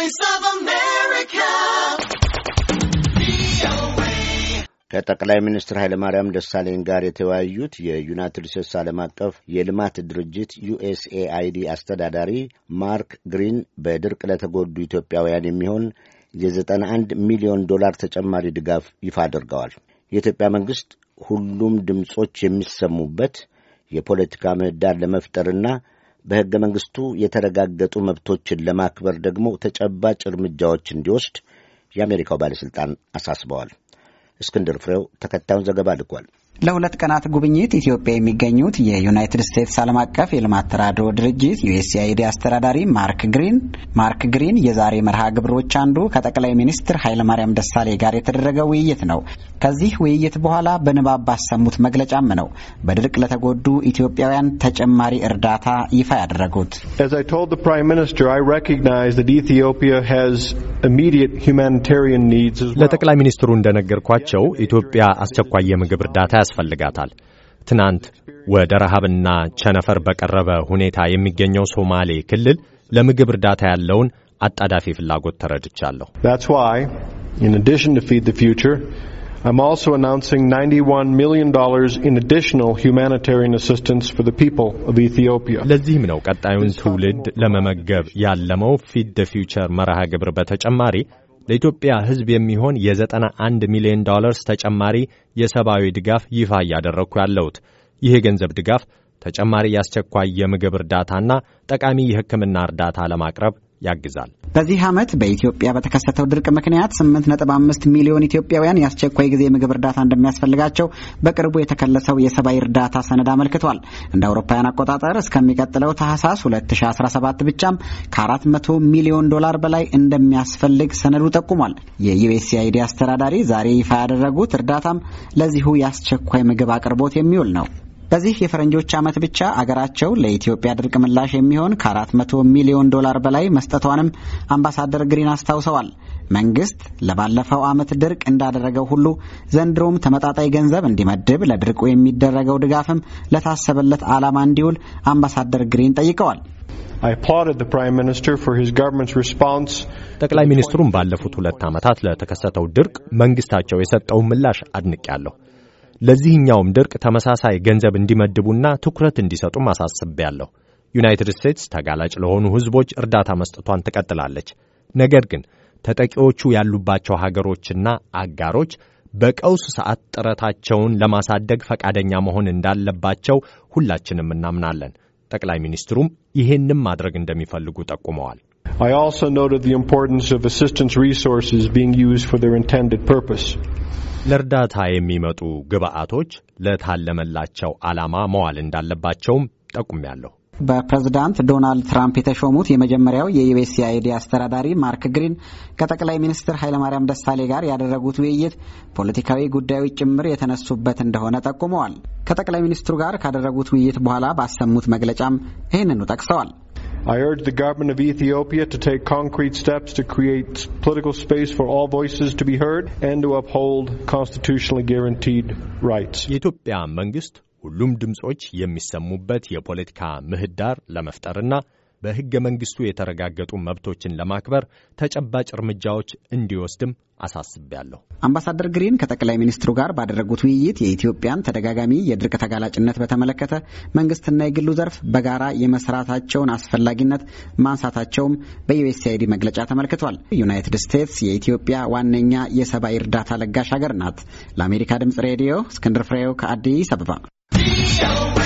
Voice of America. ከጠቅላይ ሚኒስትር ኃይለማርያም ደሳለኝ ጋር የተወያዩት የዩናይትድ ስቴትስ ዓለም አቀፍ የልማት ድርጅት ዩኤስኤአይዲ አስተዳዳሪ ማርክ ግሪን በድርቅ ለተጎዱ ኢትዮጵያውያን የሚሆን የ91 ሚሊዮን ዶላር ተጨማሪ ድጋፍ ይፋ አድርገዋል። የኢትዮጵያ መንግሥት ሁሉም ድምፆች የሚሰሙበት የፖለቲካ ምህዳር ለመፍጠርና በሕገ መንግሥቱ የተረጋገጡ መብቶችን ለማክበር ደግሞ ተጨባጭ እርምጃዎች እንዲወስድ የአሜሪካው ባለሥልጣን አሳስበዋል። እስክንድር ፍሬው ተከታዩን ዘገባ ልኳል። ለሁለት ቀናት ጉብኝት ኢትዮጵያ የሚገኙት የዩናይትድ ስቴትስ ዓለም አቀፍ የልማት ተራድኦ ድርጅት ዩኤስአይዲ አስተዳዳሪ ማርክ ግሪን ማርክ ግሪን የዛሬ መርሃ ግብሮች አንዱ ከጠቅላይ ሚኒስትር ኃይለማርያም ደሳሌ ጋር የተደረገ ውይይት ነው። ከዚህ ውይይት በኋላ በንባብ ባሰሙት መግለጫም ነው በድርቅ ለተጎዱ ኢትዮጵያውያን ተጨማሪ እርዳታ ይፋ ያደረጉት። ለጠቅላይ ሚኒስትሩ እንደነገርኳቸው ኢትዮጵያ አስቸኳይ የምግብ እርዳታ ያስፈልጋታል። ትናንት ወደ ረሃብና ቸነፈር በቀረበ ሁኔታ የሚገኘው ሶማሌ ክልል ለምግብ እርዳታ ያለውን አጣዳፊ ፍላጎት ተረድቻለሁ። ለዚህም ነው ቀጣዩን ትውልድ ለመመገብ ያለመው ፊድ ደ ፊውቸር መርሃ ግብር በተጨማሪ ለኢትዮጵያ ሕዝብ የሚሆን የዘጠና 91 ሚሊዮን ዶላርስ ተጨማሪ የሰብአዊ ድጋፍ ይፋ እያደረግኩ ያለሁት ይህ የገንዘብ ድጋፍ ተጨማሪ የአስቸኳይ የምግብ እርዳታና ጠቃሚ የሕክምና እርዳታ ለማቅረብ ያግዛል። በዚህ ዓመት በኢትዮጵያ በተከሰተው ድርቅ ምክንያት 8.5 ሚሊዮን ኢትዮጵያውያን የአስቸኳይ ጊዜ የምግብ እርዳታ እንደሚያስፈልጋቸው በቅርቡ የተከለሰው የሰብአዊ እርዳታ ሰነድ አመልክቷል። እንደ አውሮፓውያን አቆጣጠር እስከሚቀጥለው ታህሳስ 2017 ብቻም ከ400 ሚሊዮን ዶላር በላይ እንደሚያስፈልግ ሰነዱ ጠቁሟል። የዩኤስአይዲ አስተዳዳሪ ዛሬ ይፋ ያደረጉት እርዳታም ለዚሁ የአስቸኳይ ምግብ አቅርቦት የሚውል ነው። በዚህ የፈረንጆች ዓመት ብቻ አገራቸው ለኢትዮጵያ ድርቅ ምላሽ የሚሆን ከ400 ሚሊዮን ዶላር በላይ መስጠቷንም አምባሳደር ግሪን አስታውሰዋል። መንግስት ለባለፈው ዓመት ድርቅ እንዳደረገው ሁሉ ዘንድሮም ተመጣጣይ ገንዘብ እንዲመድብ ለድርቁ የሚደረገው ድጋፍም ለታሰበለት ዓላማ እንዲውል አምባሳደር ግሪን ጠይቀዋል። ጠቅላይ ሚኒስትሩም ባለፉት ሁለት ዓመታት ለተከሰተው ድርቅ መንግስታቸው የሰጠውን ምላሽ አድንቅ ያለሁ። ለዚህኛውም ድርቅ ተመሳሳይ ገንዘብ እንዲመድቡና ትኩረት እንዲሰጡም አሳስቤያለሁ። ዩናይትድ ስቴትስ ተጋላጭ ለሆኑ ሕዝቦች እርዳታ መስጠቷን ትቀጥላለች። ነገር ግን ተጠቂዎቹ ያሉባቸው ሀገሮችና አጋሮች በቀውስ ሰዓት ጥረታቸውን ለማሳደግ ፈቃደኛ መሆን እንዳለባቸው ሁላችንም እናምናለን። ጠቅላይ ሚኒስትሩም ይህንም ማድረግ እንደሚፈልጉ ጠቁመዋል። I also noted the importance of assistance resources being used for their intended purpose. ለእርዳታ የሚመጡ ግብአቶች ለታለመላቸው ዓላማ መዋል እንዳለባቸውም ጠቁሜያለሁ። በፕሬዝዳንት ዶናልድ ትራምፕ የተሾሙት የመጀመሪያው የዩኤስኤአይዲ አስተዳዳሪ ማርክ ግሪን ከጠቅላይ ሚኒስትር ኃይለማርያም ደሳሌ ጋር ያደረጉት ውይይት ፖለቲካዊ ጉዳዮች ጭምር የተነሱበት እንደሆነ ጠቁመዋል። ከጠቅላይ ሚኒስትሩ ጋር ካደረጉት ውይይት በኋላ ባሰሙት መግለጫም ይህንኑ ጠቅሰዋል። I urge the government of Ethiopia to take concrete steps to create political space for all voices to be heard and to uphold constitutionally guaranteed rights. መንግስት ሁሉም ድምጾች የሚሰሙበት የፖለቲካ ምህዳር ለመፍጠርና በሕገ መንግሥቱ የተረጋገጡ መብቶችን ለማክበር ተጨባጭ እርምጃዎች እንዲወስድም አሳስቤያለሁ። አምባሳደር ግሪን ከጠቅላይ ሚኒስትሩ ጋር ባደረጉት ውይይት የኢትዮጵያን ተደጋጋሚ የድርቅ ተጋላጭነት በተመለከተ መንግስትና የግሉ ዘርፍ በጋራ የመስራታቸውን አስፈላጊነት ማንሳታቸውም በዩኤስአይዲ መግለጫ ተመልክቷል። ዩናይትድ ስቴትስ የኢትዮጵያ ዋነኛ የሰብአዊ እርዳታ ለጋሽ ሀገር ናት። ለአሜሪካ ድምጽ ሬዲዮ እስክንድር ፍሬው ከአዲስ አበባ